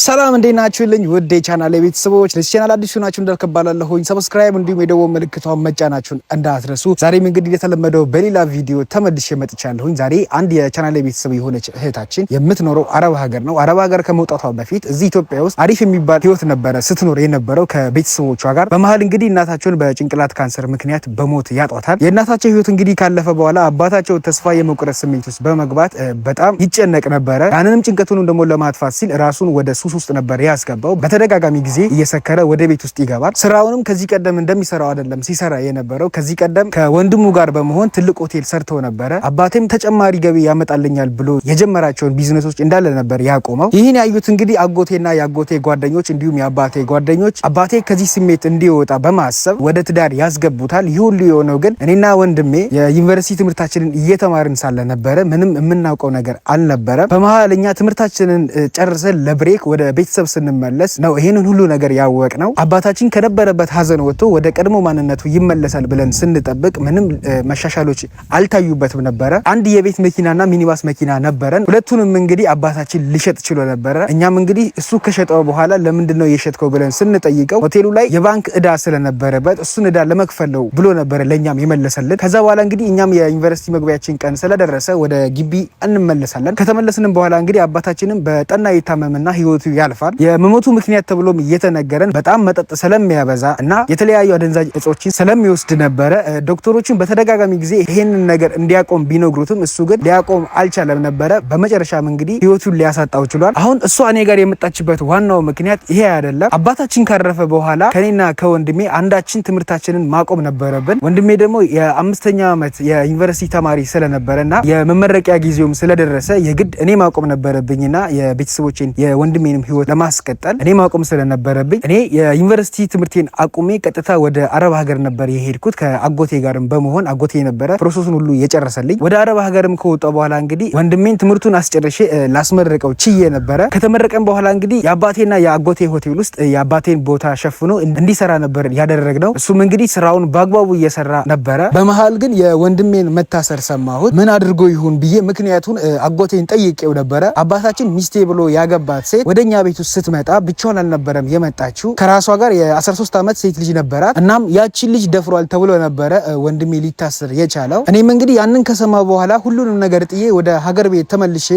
ሰላም እንዴት ናችሁልኝ? ውድ የቻናል የቤተሰቦች ለዚህ ቻናል አዲሱ ናችሁ እንዳልከባላለሁኝ ሰብስክራይብ፣ እንዲሁም የደወል ምልክቷን መጫናችሁን እንዳትረሱ። ዛሬም እንግዲህ እንደተለመደው በሌላ ቪዲዮ ተመልሼ መጥቻለሁኝ። ዛሬ አንድ የቻናል የቤተሰብ የሆነች እህታችን የምትኖረው አረብ ሀገር ነው። አረብ ሀገር ከመውጣቷ በፊት እዚህ ኢትዮጵያ ውስጥ አሪፍ የሚባል ህይወት ነበረ ስትኖር የነበረው ከቤተሰቦቿ ጋር። በመሀል እንግዲህ እናታቸውን በጭንቅላት ካንሰር ምክንያት በሞት ያጧታል። የእናታቸው ህይወት እንግዲህ ካለፈ በኋላ አባታቸው ተስፋ የመቁረጥ ስሜት ውስጥ በመግባት በጣም ይጨነቅ ነበረ። ያንንም ጭንቀቱንም ደግሞ ለማጥፋት ሲል ራሱን ወደ ሱስ ውስጥ ነበር ያስገባው። በተደጋጋሚ ጊዜ እየሰከረ ወደ ቤት ውስጥ ይገባል። ስራውንም ከዚህ ቀደም እንደሚሰራው አይደለም ሲሰራ የነበረው። ከዚህ ቀደም ከወንድሙ ጋር በመሆን ትልቅ ሆቴል ሰርተው ነበረ። አባቴም ተጨማሪ ገቢ ያመጣልኛል ብሎ የጀመራቸውን ቢዝነሶች እንዳለ ነበር ያቆመው። ይህን ያዩት እንግዲህ አጎቴና የአጎቴ ጓደኞች እንዲሁም የአባቴ ጓደኞች አባቴ ከዚህ ስሜት እንዲወጣ በማሰብ ወደ ትዳር ያስገቡታል። ይህ ሁሉ የሆነው ግን እኔና ወንድሜ የዩኒቨርሲቲ ትምህርታችንን እየተማርን ሳለ ነበረ። ምንም የምናውቀው ነገር አልነበረም። በመሀል እኛ ትምህርታችንን ጨርሰን ለብሬክ ወደ ቤተሰብ ስንመለስ ነው ይህንን ሁሉ ነገር ያወቅ ነው። አባታችን ከነበረበት ሀዘን ወጥቶ ወደ ቀድሞ ማንነቱ ይመለሳል ብለን ስንጠብቅ ምንም መሻሻሎች አልታዩበትም ነበረ። አንድ የቤት መኪናና ሚኒባስ መኪና ነበረን። ሁለቱንም እንግዲህ አባታችን ሊሸጥ ችሎ ነበረ። እኛም እንግዲህ እሱ ከሸጠው በኋላ ለምንድን ነው የሸጥከው ብለን ስንጠይቀው ሆቴሉ ላይ የባንክ እዳ ስለነበረበት እሱን እዳ ለመክፈል ነው ብሎ ነበረ ለእኛም የመለሰልን። ከዛ በኋላ እንግዲህ እኛም የዩኒቨርሲቲ መግቢያችን ቀን ስለደረሰ ወደ ግቢ እንመለሳለን። ከተመለስንም በኋላ እንግዲህ አባታችንም በጠና የታመምና ህይወት ህይወቱ ያልፋል። የመሞቱ ምክንያት ተብሎም እየተነገረን በጣም መጠጥ ስለሚያበዛ እና የተለያዩ አደንዛዥ እጾችን ስለሚወስድ ነበረ። ዶክተሮችን በተደጋጋሚ ጊዜ ይህንን ነገር እንዲያቆም ቢነግሩትም እሱ ግን ሊያቆም አልቻለም ነበረ። በመጨረሻም እንግዲህ ህይወቱን ሊያሳጣው ችሏል። አሁን እሷ እኔ ጋር የመጣችበት ዋናው ምክንያት ይሄ አይደለም። አባታችን ካረፈ በኋላ ከኔና ከወንድሜ አንዳችን ትምህርታችንን ማቆም ነበረብን። ወንድሜ ደግሞ የአምስተኛ ዓመት የዩኒቨርሲቲ ተማሪ ስለነበረና የመመረቂያ ጊዜውም ስለደረሰ የግድ እኔ ማቆም ነበረብኝና የቤተሰቦችን የወንድሜ የራሴንም ህይወት ለማስቀጠል እኔ ማቆም ስለነበረብኝ እኔ የዩኒቨርሲቲ ትምህርቴን አቁሜ ቀጥታ ወደ አረብ ሀገር ነበር የሄድኩት ከአጎቴ ጋርም በመሆን አጎቴ ነበረ ፕሮሰሱን ሁሉ የጨረሰልኝ። ወደ አረብ ሀገርም ከወጣ በኋላ እንግዲህ ወንድሜን ትምህርቱን አስጨርሼ ላስመረቀው ችዬ ነበረ። ከተመረቀም በኋላ እንግዲህ የአባቴና የአጎቴ ሆቴል ውስጥ የአባቴን ቦታ ሸፍኖ እንዲሰራ ነበር ያደረግነው። እሱም እንግዲህ ስራውን በአግባቡ እየሰራ ነበረ። በመሀል ግን የወንድሜን መታሰር ሰማሁት። ምን አድርጎ ይሁን ብዬ ምክንያቱን አጎቴን ጠይቄው ነበረ። አባታችን ሚስቴ ብሎ ያገባት ሴት ወደ ወደኛ ቤት ውስጥ ስትመጣ ብቻውን አልነበረም የመጣችው። ከራሷ ጋር የ13 ዓመት ሴት ልጅ ነበራት። እናም ያቺን ልጅ ደፍሯል ተብሎ ነበረ ወንድሜ ሊታስር የቻለው። እኔም እንግዲህ ያንን ከሰማ በኋላ ሁሉንም ነገር ጥዬ ወደ ሀገር ቤት ተመልሼ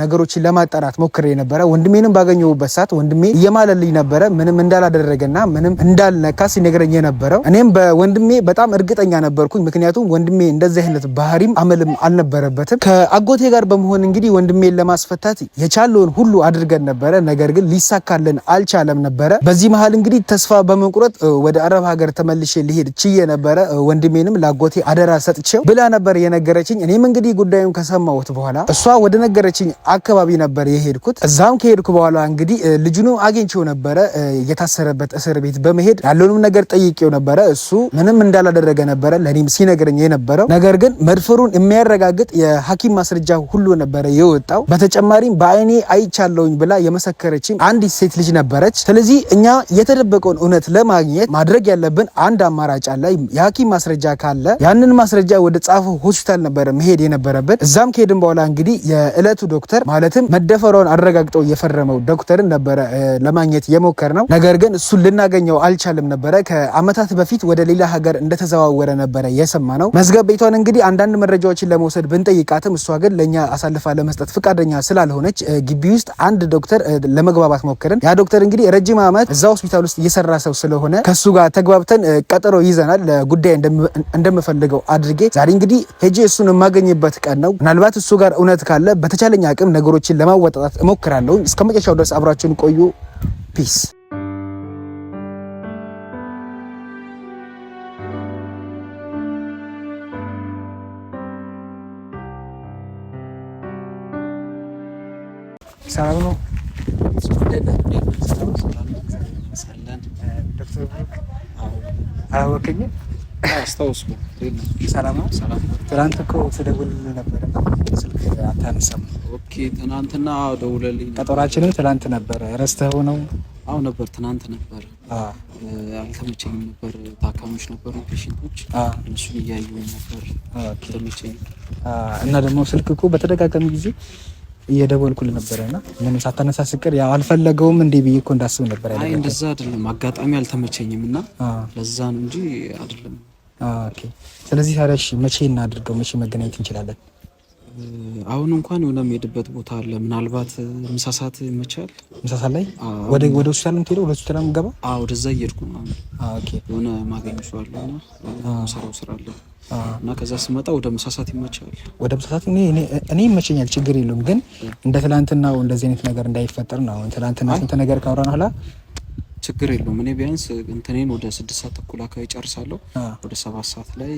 ነገሮችን ለማጣራት ሞክሬ ነበረ። ወንድሜንም ባገኘሁበት ሰዓት ወንድሜ እየማለልኝ ነበረ ምንም እንዳላደረገና ምንም እንዳልነካ ሲነግረኝ የነበረው። እኔም በወንድሜ በጣም እርግጠኛ ነበርኩኝ፣ ምክንያቱም ወንድሜ እንደዚህ አይነት ባህሪም አመልም አልነበረበትም። ከአጎቴ ጋር በመሆን እንግዲህ ወንድሜን ለማስፈታት የቻለውን ሁሉ አድርገን ነበረ። ነገር ግን ሊሳካልን አልቻለም ነበረ። በዚህ መሀል እንግዲህ ተስፋ በመቁረጥ ወደ አረብ ሀገር ተመልሼ ሊሄድ ችዬ ነበረ። ወንድሜንም ላጎቴ አደራ ሰጥቼው ብላ ነበር የነገረችኝ። እኔም እንግዲህ ጉዳዩን ከሰማሁት በኋላ እሷ ወደ ነገረችኝ አካባቢ ነበር የሄድኩት። እዛም ከሄድኩ በኋላ እንግዲህ ልጁንም አግኝቼው ነበረ። የታሰረበት እስር ቤት በመሄድ ያለውንም ነገር ጠይቄው ነበረ። እሱ ምንም እንዳላደረገ ነበረ ለእኔም ሲነግረኝ የነበረው ነገር ግን መድፈሩን የሚያረጋግጥ የሐኪም ማስረጃ ሁሉ ነበረ የወጣው። በተጨማሪም በአይኔ አይቻለውኝ ብላ የመሰ የመሰከረችን አንዲት ሴት ልጅ ነበረች። ስለዚህ እኛ የተደበቀውን እውነት ለማግኘት ማድረግ ያለብን አንድ አማራጭ አለ። የሐኪም ማስረጃ ካለ ያንን ማስረጃ ወደ ጻፉ ሆስፒታል ነበረ መሄድ የነበረብን። እዛም ከሄድን በኋላ እንግዲህ የእለቱ ዶክተር ማለትም መደፈሯን አረጋግጠው የፈረመው ዶክተርን ነበረ ለማግኘት የሞከር ነው። ነገር ግን እሱን ልናገኘው አልቻልም ነበረ። ከአመታት በፊት ወደ ሌላ ሀገር እንደተዘዋወረ ነበረ የሰማ ነው። መዝገብ ቤቷን እንግዲህ አንዳንድ መረጃዎችን ለመውሰድ ብንጠይቃትም እሷ ግን ለእኛ አሳልፋ ለመስጠት ፈቃደኛ ስላልሆነች ግቢ ውስጥ አንድ ዶክተር ለመግባባት ሞክርን። ያ ዶክተር እንግዲህ ረጅም ዓመት እዛ ሆስፒታል ውስጥ እየሰራ ሰው ስለሆነ ከሱ ጋር ተግባብተን ቀጠሮ ይዘናል። ለጉዳይ እንደምፈልገው አድርጌ ዛሬ እንግዲህ ሄጄ እሱን የማገኝበት ቀን ነው። ምናልባት እሱ ጋር እውነት ካለ በተቻለኝ አቅም ነገሮችን ለማወጣጣት እሞክራለሁ። እስከ መጨረሻው ድረስ አብራችሁን ቆዩ። ፒስ ሰላም ነው። ዶክተር ብሩክ አላወቀኝም። አስታውስኩ። ሰላም ነው። ትናንት እኮ ትደውልልህ ነበረ ስልክ አታነሳም። ኦኬ፣ ትናንትና ደውለልኝ። ቀጠሯችንም ትናንት ነበረ። ረስተኸው ነው? አዎ ነበር፣ ትናንት ነበር። አልተመቸኝም ነበር። ታካሚዎች ነበሩ፣ ፔሽንቶች፣ እነሱን እያየሁ ነበር። አልተመቸኝም እና ደግሞ ስልክ እኮ በተደጋጋሚ ጊዜ እየደወልኩል ነበረ እና ምንም ሳታነሳ ስቅር አልፈለገውም እንዴ ብዬ እኮ እንዳስብ ነበር። አይ እንደዛ አይደለም፣ አጋጣሚ አልተመቸኝም እና ለዛ ነው እንጂ አይደለም። ኦኬ፣ ስለዚህ ታዲያ መቼ እናድርገው? መቼ መገናኘት እንችላለን? አሁን እንኳን የሆነ የምሄድበት ቦታ አለ። ምናልባት ምሳ ሰዓት ይመቻል? ምሳ ሰዓት ላይ ወደ ሆስፒታል የምትሄደው ወደ ሆስፒታል የምትገባ? ወደዛ እየሄድኩ የሆነ ማገኝ ሰዋለና ሰራው ስራ አለ እና ከዛ ስመጣ ወደ ምሳ ሰዓት ይመቻል? ወደ ምሳ ሰዓት እኔ ይመቸኛል፣ ችግር የለውም። ግን እንደ ትላንትናው እንደዚህ አይነት ነገር እንዳይፈጠር ነው። ትላንትና ስንት ነገር ካወራን ኋላ ችግር የለውም። እኔ ቢያንስ እንትኔን ወደ ስድስት ሰዓት ተኩል አካባቢ ጨርሳለሁ። ወደ ሰባት ሰዓት ላይ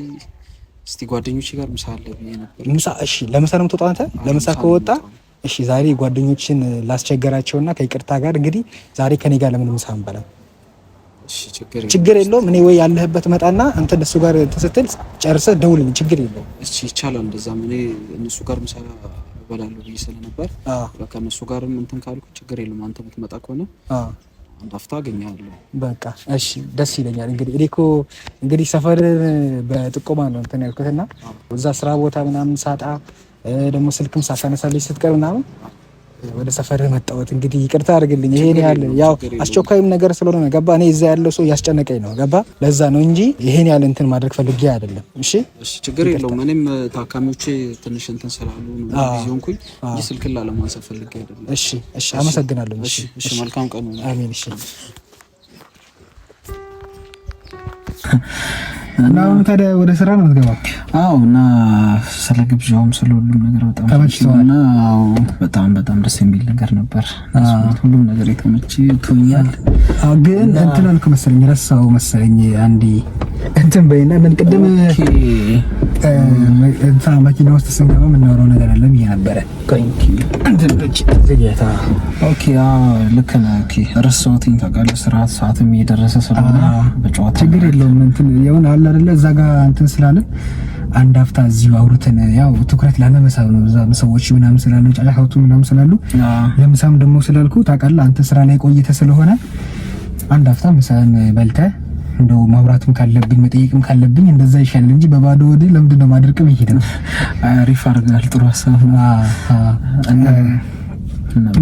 እስቲ ጓደኞች ጋር ምሳ አለ ብዬ ነበር። ምሳ እሺ፣ ለምሳ ነው የምትወጣው አንተ? ለምሳ ከወጣ እሺ፣ ዛሬ ጓደኞችን ላስቸገራቸውና ከይቅርታ ጋር እንግዲህ ዛሬ ከኔ ጋር ለምን ምሳ እንበላ? ችግር የለውም። እኔ ወይ ያለህበት መጣና አንተ እነሱ ጋር ስትል ጨርሰህ ደውልልኝ። ችግር የለውም። እሺ፣ ይቻላል። እንደዛም እኔ እነሱ ጋር ምሳ እበላለሁ ብዬ ስለነበር ከእነሱ ጋርም እንትን ካልኩ ችግር የለውም። አንተ ብትመጣ ከሆነ እንዳፍታ አገኛለሁ። በቃ እሺ፣ ደስ ይለኛል። እንግዲህ እኔ እኮ እንግዲህ ሰፈር በጥቆማ ነው እንትን ያልኩትና እዛ ስራ ቦታ ምናምን ሳጣ ደግሞ ስልክም ሳታነሳልኝ ስትቀር ምናምን ወደ ሰፈር መጣሁት። እንግዲህ ይቅርታ አድርግልኝ። ይሄን ያህል ያው አስቸኳይም ነገር ስለሆነ ነው ገባ። እኔ እዛ ያለው ሰው እያስጨነቀኝ ነው ገባ። ለዛ ነው እንጂ ይሄን ያህል እንትን ማድረግ ፈልጌ አይደለም። እሺ፣ እሺ፣ ችግር የለውም። እኔም ታካሚዎቼ ትንሽ እንትን ስላሉ ነው ቢዚንኩኝ እንጂ ስልክን ላለማንሳት ፈልጌ አይደለም። እሺ፣ እሺ፣ አመሰግናለሁ። እሺ፣ እሺ፣ መልካም ቀን። አሜን። እሺ እሺ አመሰግናለሁ እሺ እሺ መልካም ቀኑ አሜን እሺ እና አሁን ታዲያ ወደ ስራ ነው የምትገባው? አዎ። እና ስለ ግብዣውም ስለ ሁሉም ነገር በጣም ተመችቶና፣ አዎ በጣም በጣም ደስ የሚል ነገር ነበር። ሁሉም ነገር የተመችቶኛል። ግን እንትን አልኩ መሰለኝ፣ ረሳው መሰለኝ። አንዴ እንትን በይና ምን ቅድም መኪና ውስጥ ስንገባ የምናወራው ነገር አለ ብዬ ነበረ። ልክ ነህ። ረሳሁትኝ ታውቃለህ። ስርዓት ሰዓትም እየደረሰ ስለሆነ በጨዋታ ችግር የለውም እንትን የሆነ አለ አይደለ እዛ ጋ እንትን ስላለ አንድ አፍታ እዚሁ አውርተን ያው ትኩረት ላለመሳብ ነው። እዛም ሰዎች ምናምን ስላሉ ጫጫታውቱ ምናምን ስላሉ ለምሳም ደግሞ ስላልኩ ታውቃለህ አንተ ስራ ላይ ቆይተህ ስለሆነ አንድ አፍታ ምሳም በልተ እንደው ማውራትም ካለብኝ መጠየቅም ካለብኝ እንደዛ ይሻል እንጂ በባዶ ወደ ለምንድን ነው ማድረቅም ይሄድ ነው። አሪፍ አድርገሃል። ጥሩ ሀሳብ ነው።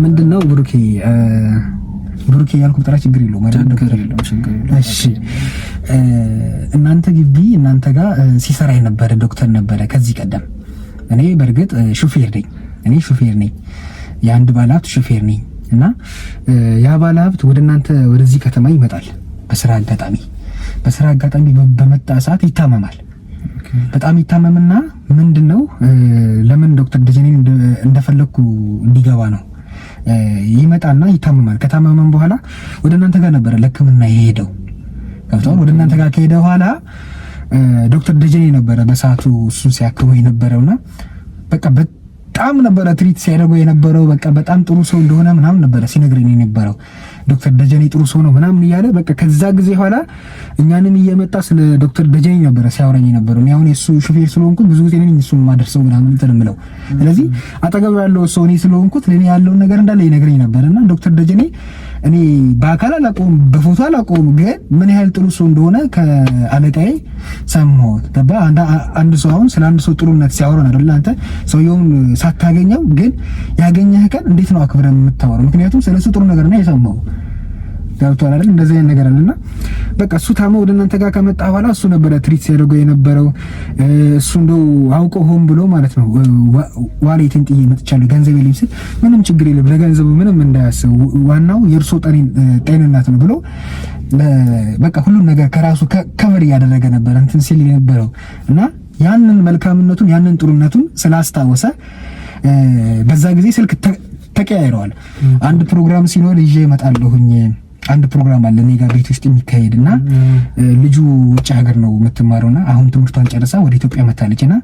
ምንድን ነው ብሩኬ ብሩኬ ያልኩ ጥራ ችግር የለውም አይደል? እሺ እናንተ ግቢ እናንተ ጋር ሲሰራ የነበረ ዶክተር ነበረ ከዚህ ቀደም። እኔ በእርግጥ ሹፌር ነኝ፣ እኔ ሹፌር ነኝ፣ የአንድ ባለሀብት ሹፌር ነኝ። እና ያ ባለሀብት ወደ እናንተ ወደዚህ ከተማ ይመጣል በስራ አጋጣሚ በስራ አጋጣሚ በመጣ ሰዓት ይታመማል። በጣም ይታመምና ምንድነው ለምን ዶክተር ደጀኔን እንደፈለግኩ እንዲገባ ነው ይመጣና ይታመማል። ከታመመም በኋላ ወደ እናንተ ጋር ነበረ ለሕክምና የሄደው ገብተዋል። ወደ እናንተ ጋር ከሄደ በኋላ ዶክተር ደጀኔ ነበረ በሰዓቱ እሱን ሲያክሙ የነበረውና በቃ በጣም ነበረ ትሪት ሲያደርገው የነበረው በቃ በጣም ጥሩ ሰው እንደሆነ ምናምን ነበረ ሲነግረኝ የነበረው ዶክተር ደጀኔ ጥሩ ሰው ነው ምናምን እያለ በቃ ከዛ ጊዜ ኋላ እኛንም እየመጣ ስለ ዶክተር ደጀኔ ነበረ ሲያወራኝ ነበረ። እኔ አሁን ሹፌር ስለሆንኩት ብዙ ጊዜ ነኝ እሱ ማደርሰው ምናምን እንትን የምለው ስለዚህ አጠገብ ያለው ሰው እኔ ስለሆንኩት ለእኔ ያለውን ነገር እንዳለ ይነግረኝ እና ዶክተር ደጀኔ እኔ በአካል አላውቀውም፣ በፎቶ አላውቀውም፣ ግን ምን ያህል ጥሩ ሰው እንደሆነ ከአለቃዬ ሰማሁት። ገባህ? አንድ ሰው አሁን ስለ አንድ ሰው ጥሩነት ሲያወራን አይደለ? አንተ ሰውየውን ሳታገኘው ግን ያገኘህ ቀን እንዴት ነው አክብረን የምታወራው? ምክንያቱም ስለሱ ጥሩ ነገር ነው የሰማሁት ገብቷል አይደል? እንደዚህ አይነት ነገር አለና በቃ እሱ ታመው ወደ እናንተ ጋር ከመጣ በኋላ እሱ ነበረ ትሪት ሲያደርገው የነበረው። እሱ እንደው አውቆ ሆን ብሎ ማለት ነው ዋሌቴን ጥዬ መጥቻለሁ ገንዘብ የለኝም ሲል ምንም ችግር የለም ለገንዘቡ ምንም እንዳያስብ ዋናው የእርሶ ጤንነት ነው ብሎ በቃ ሁሉም ነገር ከራሱ ከቨር እያደረገ ነበረ እንትን ሲል የነበረው እና ያንን መልካምነቱን ያንን ጥሩነቱን ስላስታወሰ በዛ ጊዜ ስልክ ተቀያይረዋል። አንድ ፕሮግራም ሲኖር ይዤ እመጣለሁኝ አንድ ፕሮግራም አለ እኔ ጋር ቤት ውስጥ የሚካሄድ እና ልጁ ውጭ ሀገር ነው የምትማረው እና አሁን ትምህርቷን ጨርሳ ወደ ኢትዮጵያ መታለች እና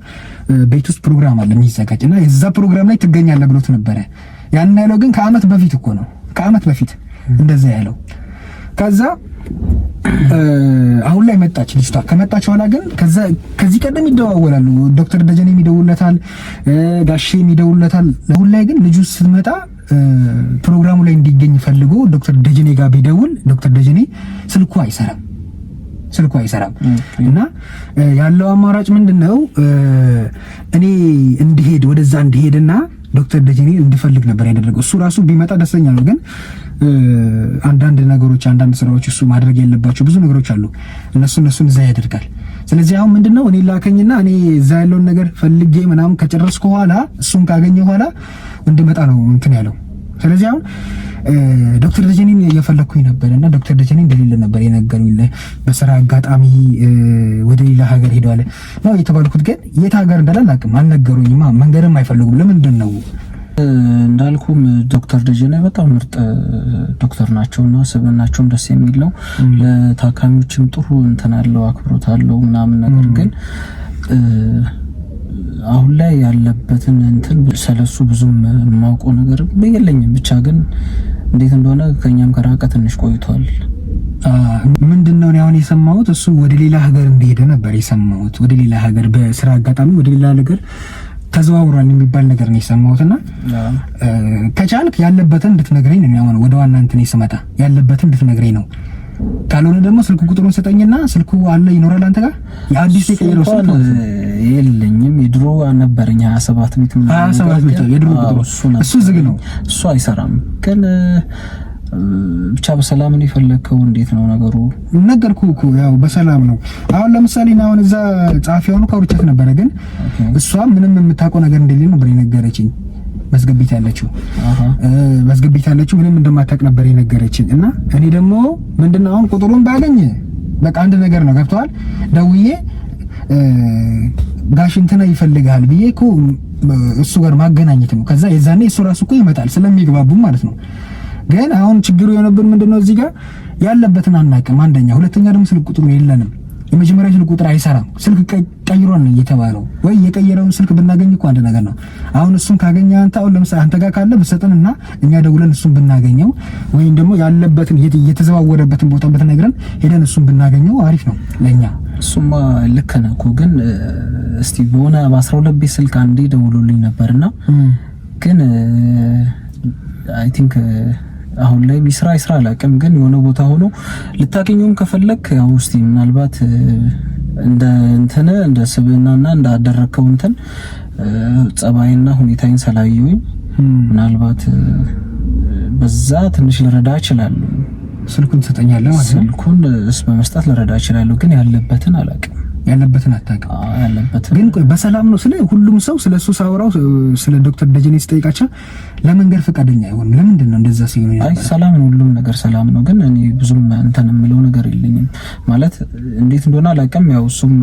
ቤት ውስጥ ፕሮግራም አለ የሚዘጋጅ እና የዛ ፕሮግራም ላይ ትገኛለ ብሎት ነበረ። ያን ያለው ግን ከአመት በፊት እኮ ነው ከአመት በፊት እንደዛ ያለው። ከዛ አሁን ላይ መጣች ልጅቷ። ከመጣች በኋላ ግን ከዚህ ቀደም ይደዋወላሉ። ዶክተር ደጀኔ የሚደውለታል፣ ጋሼ የሚደውለታል። አሁን ላይ ግን ልጁ ስትመጣ ፕሮግራሙ ላይ እንዲገኝ ፈልጎ ዶክተር ደጀኔ ጋር ቢደውል ዶክተር ደጀኔ ስልኩ አይሰራም ስልኩ አይሰራም እና ያለው አማራጭ ምንድን ነው? እኔ እንዲሄድ ወደዛ እንዲሄድና ዶክተር ደጀኔ እንዲፈልግ ነበር ያደረገው። እሱ ራሱ ቢመጣ ደስተኛ ነው፣ ግን አንዳንድ ነገሮች፣ አንዳንድ ስራዎች እሱ ማድረግ ያለባቸው ብዙ ነገሮች አሉ። እነሱ እነሱን እዛ ያደርጋል። ስለዚህ አሁን ምንድነው እኔ ላከኝና እኔ እዛ ያለውን ነገር ፈልጌ ምናምን ከጨረስኩ በኋላ እሱን ካገኘ በኋላ እንድመጣ ነው እንትን ያለው። ስለዚህ አሁን ዶክተር ደጀኔን እየፈለግኩኝ ነበር እና ዶክተር ደጀኔ እንደሌለ ነበር የነገሩኝ። በስራ አጋጣሚ ወደ ሌላ ሀገር ሄደዋል ነው የተባልኩት። ግን የት ሀገር እንዳለ አላውቅም፣ አልነገሩኝማ። መንገድም አይፈልጉም። ለምንድን ነው እንዳልኩም ዶክተር ደጀነ በጣም ምርጥ ዶክተር ናቸው እና ስብናቸውም ደስ የሚል ነው። ለታካሚዎችም ጥሩ እንትን አለው አክብሮት አለው ምናምን ነገር ግን አሁን ላይ ያለበትን እንትን ስለሱ ብዙም የማውቀው ነገር የለኝም። ብቻ ግን እንዴት እንደሆነ ከኛም ከራቀ ትንሽ ቆይቷል። ምንድን ነው አሁን የሰማሁት እሱ ወደ ሌላ ሀገር እንደሄደ ነበር የሰማሁት። ወደ ሌላ ሀገር በስራ አጋጣሚ ወደ ሌላ ነገር ተዘዋውሯል የሚባል ነገር ነው የሰማሁት። የሰማሁትና ከቻልክ ያለበትን እንድትነግረኝ ነው የሚያሆነው። ወደ ዋና እንትን ስመጣ ያለበትን እንድትነግረኝ ነው። ካልሆነ ደግሞ ስልኩ ቁጥሩን ስጠኝና ስልኩ አለ ይኖራል አንተ ጋር የአዲስ የቀየረው ስልክ የለኝም። የድሮ ነበረኝ ሀያ ሰባት ቤት ሀያ ሰባት ቤት የድሮ ቁጥሩ እሱ ዝግ ነው፣ እሱ አይሰራም ግን ብቻ በሰላም ነው የፈለግከው? እንዴት ነው ነገሩ? ነገርኩ እኮ ያው በሰላም ነው። አሁን ለምሳሌ እኔ አሁን እዛ ጸሐፊ ሆኖ ካውርቻት ነበረ፣ ግን እሷ ምንም የምታውቀው ነገር እንደሌለ ነበር የነገረችኝ። መዝገብ ያለችው አሃ ቤት ያለችው ምንም እንደማታውቅ ነበር የነገረችኝ። እና እኔ ደግሞ ምንድነው አሁን ቁጥሩን ባገኝ በቃ አንድ ነገር ነው ገብቷል። ደውዬ ጋሽ እንትና ይፈልጋል ብዬ እኮ እሱ ጋር ማገናኘት ነው። ከዛ የዛኔ እሱ ራሱ እኮ ይመጣል ስለሚግባቡ ማለት ነው ግን አሁን ችግሩ የሆነብን ምንድነው? እዚህ ጋር ያለበትን አናውቅም። አንደኛ፣ ሁለተኛ ደግሞ ስልክ ቁጥሩ የለንም። የመጀመሪያ ስልክ ቁጥር አይሰራም። ስልክ ቀይሯን እየተባለው ወይ የቀየረውን ስልክ ብናገኝ እኮ አንድ ነገር ነው። አሁን እሱን ካገኘ አንተ አሁን ለምሳሌ አንተ ጋር ካለ ብሰጥን እና እኛ ደውለን እሱን ብናገኘው ወይም ደግሞ ያለበትን የተዘዋወረበትን ቦታ ብትነግረን ሄደን እሱን ብናገኘው አሪፍ ነው ለእኛ። እሱማ ልክ ነህ እኮ ግን እስቲ በሆነ በአስራ ሁለት ቤት ስልክ አንዴ ደውሎልኝ ነበርና ግን አይ ቲንክ አሁን ላይ ይስራ ይስራ አላውቅም፣ ግን የሆነ ቦታ ሆኖ ልታገኘውም ከፈለክ ያው እስቲ ምናልባት እንደ እንትን እንደ ስብናና እንደ አደረከው እንትን ጸባይና ሁኔታዬን ሰላዩኝ ምናልባት በዛ ትንሽ ልረዳ እችላለሁ። ስልኩን ትሰጠኛለህ ማለት ነው? ስልኩን በመስጠት ልረዳ እችላለሁ፣ ግን ያለበትን አላውቅም። ያለበትን አታውቅም። ግን በሰላም ነው ስለ ሁሉም ሰው ስለ እሱ ሳወራው ስለ ዶክተር ደጀኔ ስጠይቃቸው ለመንገድ ፈቃደኛ አይሆንም። ለምንድን ነው እንደዛ ሲሆን? አይ ሰላም ነው፣ ሁሉም ነገር ሰላም ነው። ግን እኔ ብዙም እንትን የምለው ነገር የለኝም ማለት እንዴት እንደሆነ አላውቅም። ያው እሱም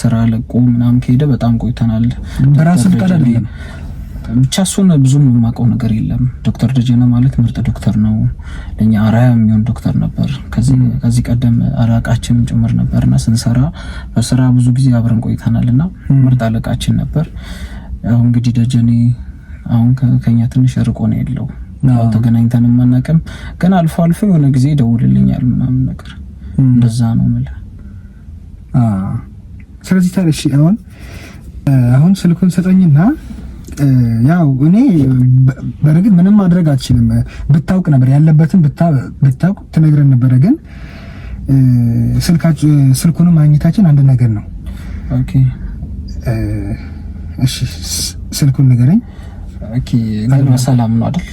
ስራ ለቆ ምናምን ከሄደ በጣም ቆይተናል። በራሱ ፈቃድ አይደለም ብቻ እሱን ብዙም የማውቀው ነገር የለም። ዶክተር ደጀነ ማለት ምርጥ ዶክተር ነው፣ ለእኛ አርአያ የሚሆን ዶክተር ነበር። ከዚህ ቀደም አለቃችንም ጭምር ነበርና ስንሰራ በስራ ብዙ ጊዜ አብረን ቆይተናል እና ምርጥ አለቃችን ነበር። አሁን እንግዲህ ደጀኔ አሁን ከኛ ትንሽ ርቆ ነው ያለው፣ ተገናኝተን የማናውቅም። ግን አልፎ አልፎ የሆነ ጊዜ ይደውልልኛል ምናምን ነገር እንደዛ ነው የምልህ። ስለዚህ ታዲያ አሁን አሁን ስልኩን ሰጠኝና ያው እኔ በእርግጥ ምንም ማድረግ አልችልም። ብታውቅ ነበር ያለበትን ብታውቅ ትነግረን ነበረ። ግን ስልኩን ማግኘታችን አንድ ነገር ነው። እሺ፣ ስልኩን ንገረኝ። ኦኬ ግን በሰላም ነው አይደል?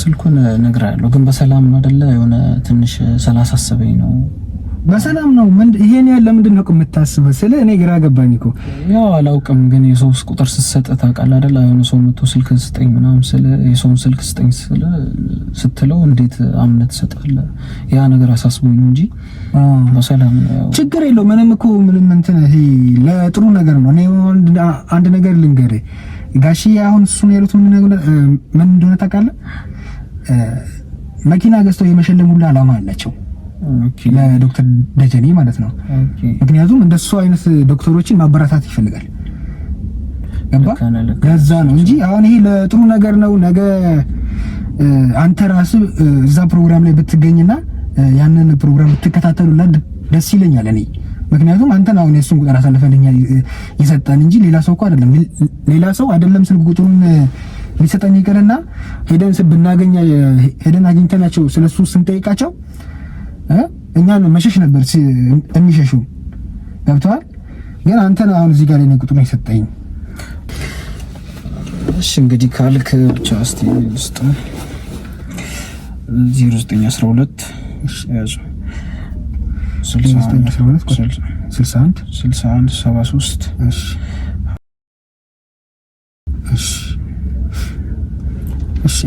ስልኩን ነግራለሁ። ግን በሰላም ነው አይደለ? የሆነ ትንሽ ስላሳሰበኝ ነው በሰላም ነው። ምን ይሄን ያለ ምንድን ነው የምታስበው? ስለ እኔ ግራ ገባኝ እኮ። ያው አላውቅም፣ ግን የሰው ቁጥር ስትሰጥ ታውቃለህ አይደል? የሆነ ሰው መቶ ስልክ ስጠኝ ምናምን ስለ የሰውን ስልክ ስጠኝ ስለ ስትለው እንዴት አምነት ትሰጣለህ? ያ ነገር አሳስቦኝ ነው እንጂ በሰላም ነው። ችግር የለው ምንም እኮ ምንም እንትን ይሄ ለጥሩ ነገር ነው። እኔ አንድ ነገር ልንገርህ ጋሽዬ፣ አሁን እሱን ያሉት ምን ምን እንደሆነ ታውቃለህ? መኪና ገዝተው የመሸለሙላ አላማ አላቸው። ለዶክተር ደጀኔ ማለት ነው። ምክንያቱም እንደሱ አይነት ዶክተሮችን ማበረታት ይፈልጋል። ገባ? ለዛ ነው እንጂ አሁን ይሄ ለጥሩ ነገር ነው። ነገ አንተ ራስ እዛ ፕሮግራም ላይ ብትገኝና ያንን ፕሮግራም ብትከታተሉላ ደስ ይለኛል እኔ ምክንያቱም አንተን አሁን የእሱን ቁጥር አሳልፈልኛ ይሰጠን እንጂ ሌላ ሰው እኮ አይደለም። ሌላ ሰው አይደለም ስልክ ቁጥሩን ቢሰጠን ይቅርና ሄደን ስብናገኛ ሄደን አግኝተናቸው ስለሱ ስንጠይቃቸው እኛን መሸሽ ነበር የሚሸሹ ገብተዋል። ግን አንተ ነው አሁን እዚህ ጋር ላይ ቁጥሩን የሰጠኝ እሺ፣ እንግዲህ ካልክ ብቻ እስቲ ውስጥ ዜሮ ዘጠኝ አስራ ሁለት ያዙ ስልሳ አንድ ስልሳ አንድ ሰባ ሶስት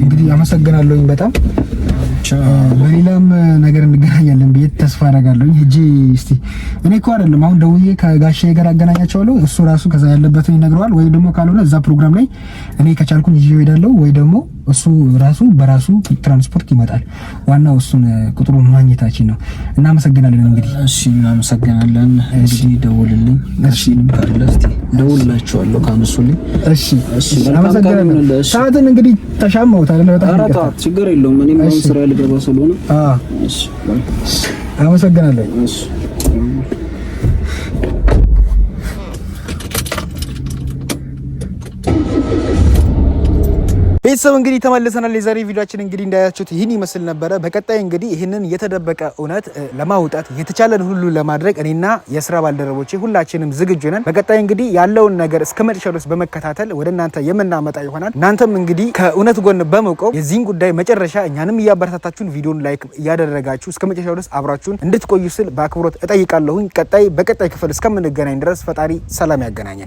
እንግዲህ አመሰግናለሁኝ በጣም በሌላም ነገር እንገናኛለን ብዬ ተስፋ አደርጋለሁ። እጂ እስቲ እኔ እኮ አይደለም አሁን ደውዬ ከጋሼ ጋር አገናኛቸዋለሁ። እሱ ራሱ ከዛ ያለበትን ይነግረዋል፣ ወይም ደግሞ ካልሆነ እዛ ፕሮግራም ላይ እኔ ከቻልኩኝ ይዤ እሄዳለሁ ወይ ደግሞ እሱ ራሱ በራሱ ትራንስፖርት ይመጣል። ዋናው እሱን ቁጥሩን ማግኘታችን ነው። እናመሰግናለን። እንግዲህ እሺ፣ እናመሰግናለን። እሺ፣ ደውልልኝ። እሺ፣ ካለስቲ ደውልላችኋለሁ ካነሱልኝ። እሺ፣ እሺ፣ እናመሰግናለን። ሰዓትን እንግዲህ ተሻማሁት አይደል? በጣም ችግር የለውም። እኔም ስራ ልገባ ስለሆነ እሺ አመሰግናለሁ። እሺ ቤተሰብ እንግዲህ ተመልሰናል። የዛሬ ቪዲዮችን እንግዲህ እንዳያችሁት ይህን ይመስል ነበረ። በቀጣይ እንግዲህ ይህንን የተደበቀ እውነት ለማውጣት የተቻለን ሁሉ ለማድረግ እኔና የስራ ባልደረቦች ሁላችንም ዝግጁ ነን። በቀጣይ እንግዲህ ያለውን ነገር እስከ መጨረሻው ድረስ በመከታተል ወደ እናንተ የምናመጣ ይሆናል። እናንተም እንግዲህ ከእውነት ጎን በመቆም የዚህን ጉዳይ መጨረሻ እኛንም እያበረታታችሁን ቪዲዮን ላይክ እያደረጋችሁ እስከ መጨረሻ ድረስ አብራችሁን እንድትቆዩ ስል በአክብሮት እጠይቃለሁኝ። ቀጣይ በቀጣይ ክፍል እስከምንገናኝ ድረስ ፈጣሪ ሰላም ያገናኛል።